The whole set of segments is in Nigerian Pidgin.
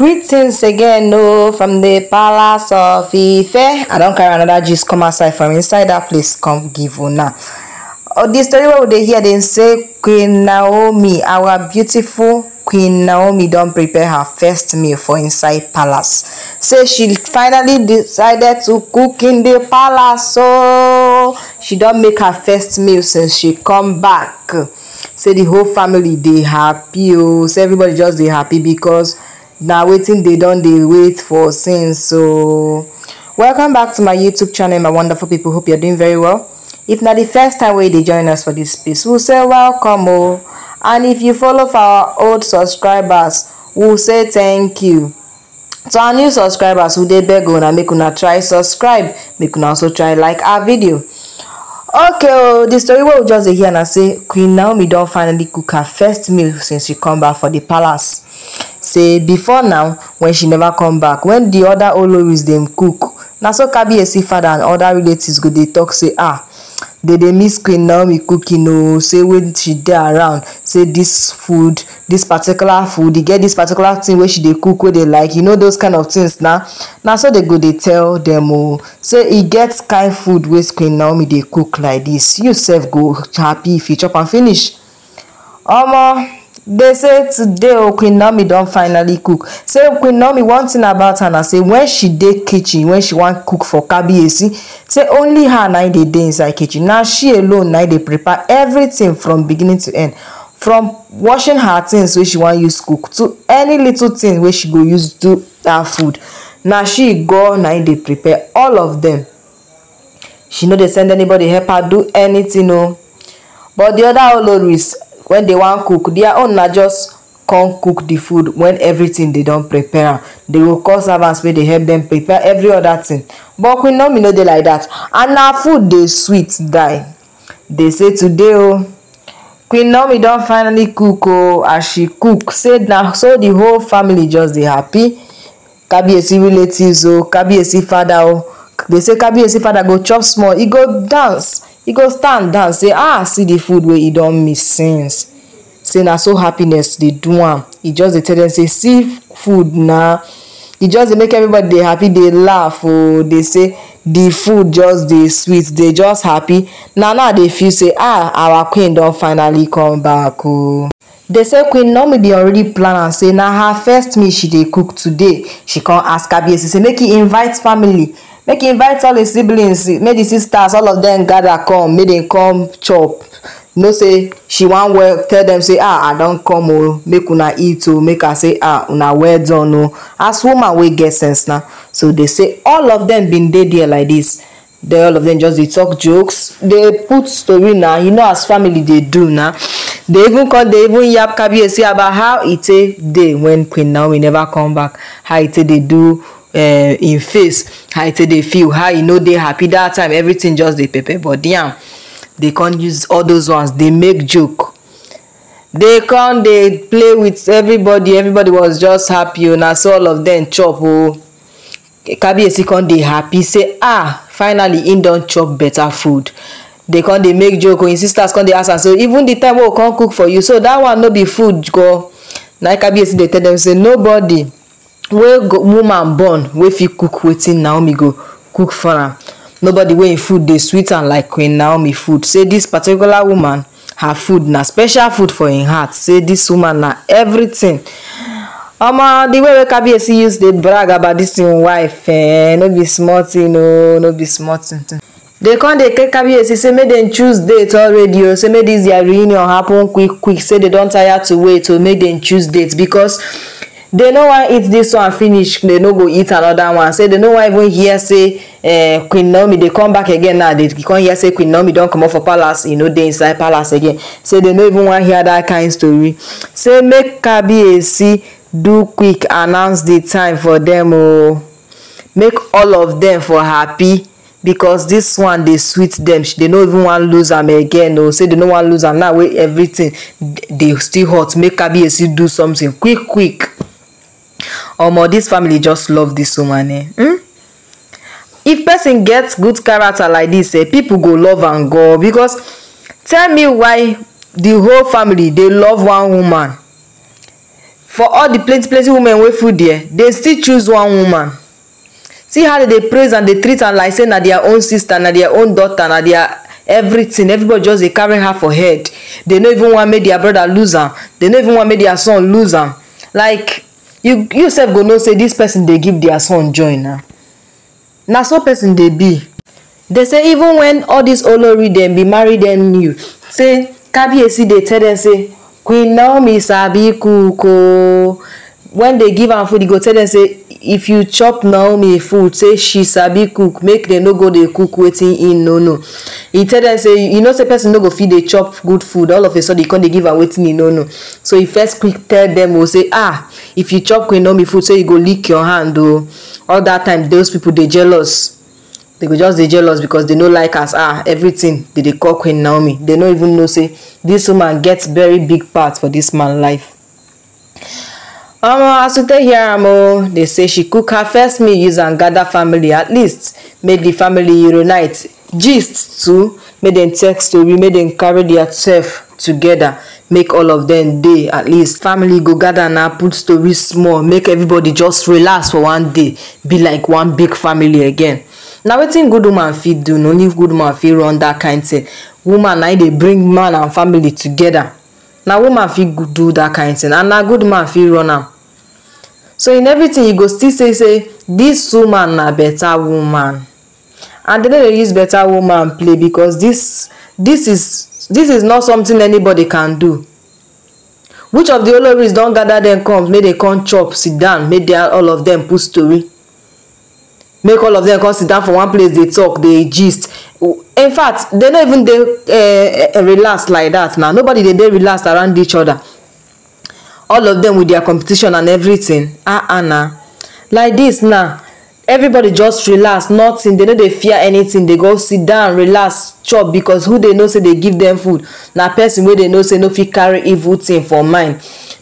Greetings again oh, from the palace of Ife. I don't carry another juice come outside from inside that place come give now. Oh, the story what we dey hear they say Queen Naomi, our beautiful Queen Naomi don't prepare her first meal for inside palace. Say she finally decided to cook in the palace so oh. She don't make her first meal since she come back. Say the whole family they happy oh, say everybody just they happy because Now, waiting, they don't. They wait for since so welcome back to my youtube channel my wonderful people hope you're doing very well if not, the first time wey they join us for this space we'll say welcome oh and if you follow for our old subscribers we'll say thank you to our new subscribers who they beg una make una try subscribe make una also try like our video okay oh, the story will we just dey hear i say queen naomi not finally cook her first meal since she come back for the palace say before now when she never come back When the other oloris dem cook na so kabiyesi father and other relatives go dey talk say ah dey dey miss queen naomi cooking o say when she dey around say this food this particular food e get this particular thing wey she dey cook wey dey like you know those kind of things na na so dey go dey tell dem o say e get kind food wey queen naomi dey cook like this. you sef go happy if you chop am finish omo. They say today o oh, queen naomi don finally cook say queen naomi one thing about her na say when she dey kitchen when she wan cook for Kabi, kabiyesi say only her na dey dey inside kitchen na she alone na dey prepare everything from beginning to end from washing her things wey she wan use cook to any little thing wey she go use do her food na she go na dey prepare all of them she no dey send anybody help her do anything oh. but the other oloris When they want cook their own na just come cook the food when everything they don prepare am they go call servants wey dey help them prepare every other thing but queen naomi no dey like that and na food dey sweet die They say today o oh, queen naomi don finally cook o as she cook say na so the whole family just dey happy kabiyesi relatives o oh, kabiyesi father o They dey say kabiyesi father go chop small He go dance e go stand down say ah see the food wey e don miss since say na so happiness dey do am e just dey tell dem say see food na e just dey make everybody dey happy dey laugh oh. dey say the food just dey sweet dey just happy na now i dey feel say ah our queen don finally come back oh. dey say queen naomi bin already plan am say na her first meal she dey cook today she come ask kabiyesi say make e invite family make e invite all his siblings make the sisters all of dem gather come make dem come chop know say she wan well tell dem say ah i don come o make una eat o make i say ah una well done o as woman wey get sense na so dey say all of dem bin dey like dis dey all of dem just dey tok jokes dey put story na you know as family dey do na dey even come dey even yap kabir see about how e take dey when queen naomi never come back how e take dey do. uh, eh, im face how e dey feel how e no dey happy That time everything just dey pepper but yam dey con use all those ones dey make joke dey con dey play with everybody everybody was just happy o oh, na so all of dem chop o kabiyesi con dey happy say ah finally im don chop better food dey con dey make joke o oh, im sisters con dey ask am say even the time wey we con cook for you so that one no be food go na kabiyesi dey tell dem say nobody wey woman born wey fit cook wetin naomi go cook for am nobody wey im food dey sweet am like queen naomi food say dis particular woman her food na special food for im heart say dis woman na everything omo di way wey kabiyesi use dey brag about dis im wife eh, no be small thing oo oh, no be small thing. dey come dey tell kabiyesi say make dem choose date already o oh, say make dis their reunion happen quick quick say dey don tire to wait o oh, make dem choose date because they no wan eat this one finish they no go eat another one say they no wan even hear say uh, queen naomi dey come back again now they come hear say queen naomi don comot for palace e no dey inside palace again say they no even wan hear that kind story say make kbac do quick announce the time for them oo oh. make all of them for happy because this one dey sweet them they no even wan lose am again o say they no wan lose am now wey everything dey still hot make kabiyesi do something quick quick omo this family just love this woman eh hmm? if person gets good character like this, eh people go love and go because tell me why the whole family they love one woman for all the plenty plenty women wey full there they still choose one woman see how they praise and they treat and like say na their own sister na their own daughter na their everything everybody just they carry her for head they no even wan make their brother lose am they no even wan make their son lose am like you you sef go know say dis person dey give their son join na na so person dey be dey say even when all dis olori dem be marry dem new say kabiyesi dey tell dem say queen naomi sabi cook ooo oh. when dey give am food e go tell dem say if you chop naomi food say she sabi cook make dem no go dey cook wetin im no know He tell dem say you know say person no go fit dey chop good food all of a sudden e come dey give am wetin e no know so he first quick tell dem o oh, say ah if you chop queen naomi food say you go lick your hand o oh. all that time those people dey jealous they go just dey jealous because they no like as ah everything they dey call queen naomi they no even know say this woman get very big part for this man life omo as we take hear am o dey say she cook her first meal use am gather family at least make the family reunite. gist too make dem tell story make dem carry their self together make all of dem dey at least family go gather na put story small make everybody just relax for one day be like one big family again na wetin good woman fit do na only good woman fit run dat kain thing woman na e dey bring man and family together na woman fit do dat kain thing and na good man fit run am so in everything you go still say say this woman na better woman and they no dey use better woman play because this this is this is not something anybody can do which of the oloris don gather them come make they come chop sit down make they all of dem put story make all of them come sit down for one place dey talk dey gist in fact they no even dey uh, relaxed like that na nobody dey dey relaxed around each other all of them with their competition and everything ah ah na like this now everybody just relax nothing they no dey fear anything they go sit down relax chop because who they know say they give them food na person wey they know say no fit carry evil thing for mind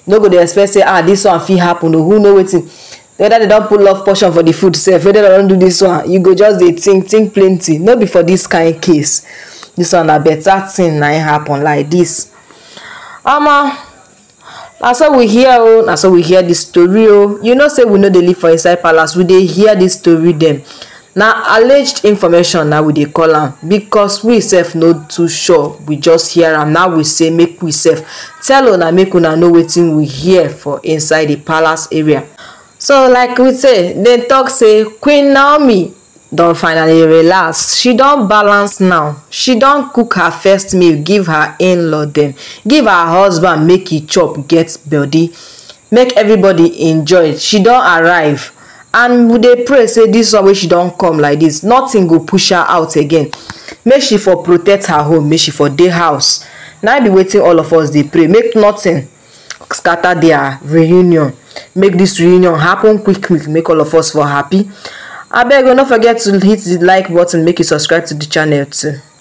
no go dey expect say ah this one fit happen o oh. who know wetin whether they don pull off portion for the food sef whether they don do this one you go just dey think think plenty no be for this kind case this one na better thing na happen like this omo. Um, uh, na so we hear o na so we hear the story o oh. you know say we no dey live for inside palace we dey hear the story dem na alleged information na we dey call am because we sef no too sure we just hear am now we say make we sef tell una make una know wetin we hear for inside the palace area so like we say dem talk say queen naomi don finally relax she don balance now she don cook her first meal give her in-law dem give her husband make he chop get body make everybody enjoy she don arrive and we dey pray say this one wey she don come like this. nothing go push her out again make she for protect her home make she for dey house na be wetin all of us dey pray make nothing scatter their reunion make this reunion happen quick quick make all of us for happy abeg una no forget to hit the like button make you subscribe to the channel too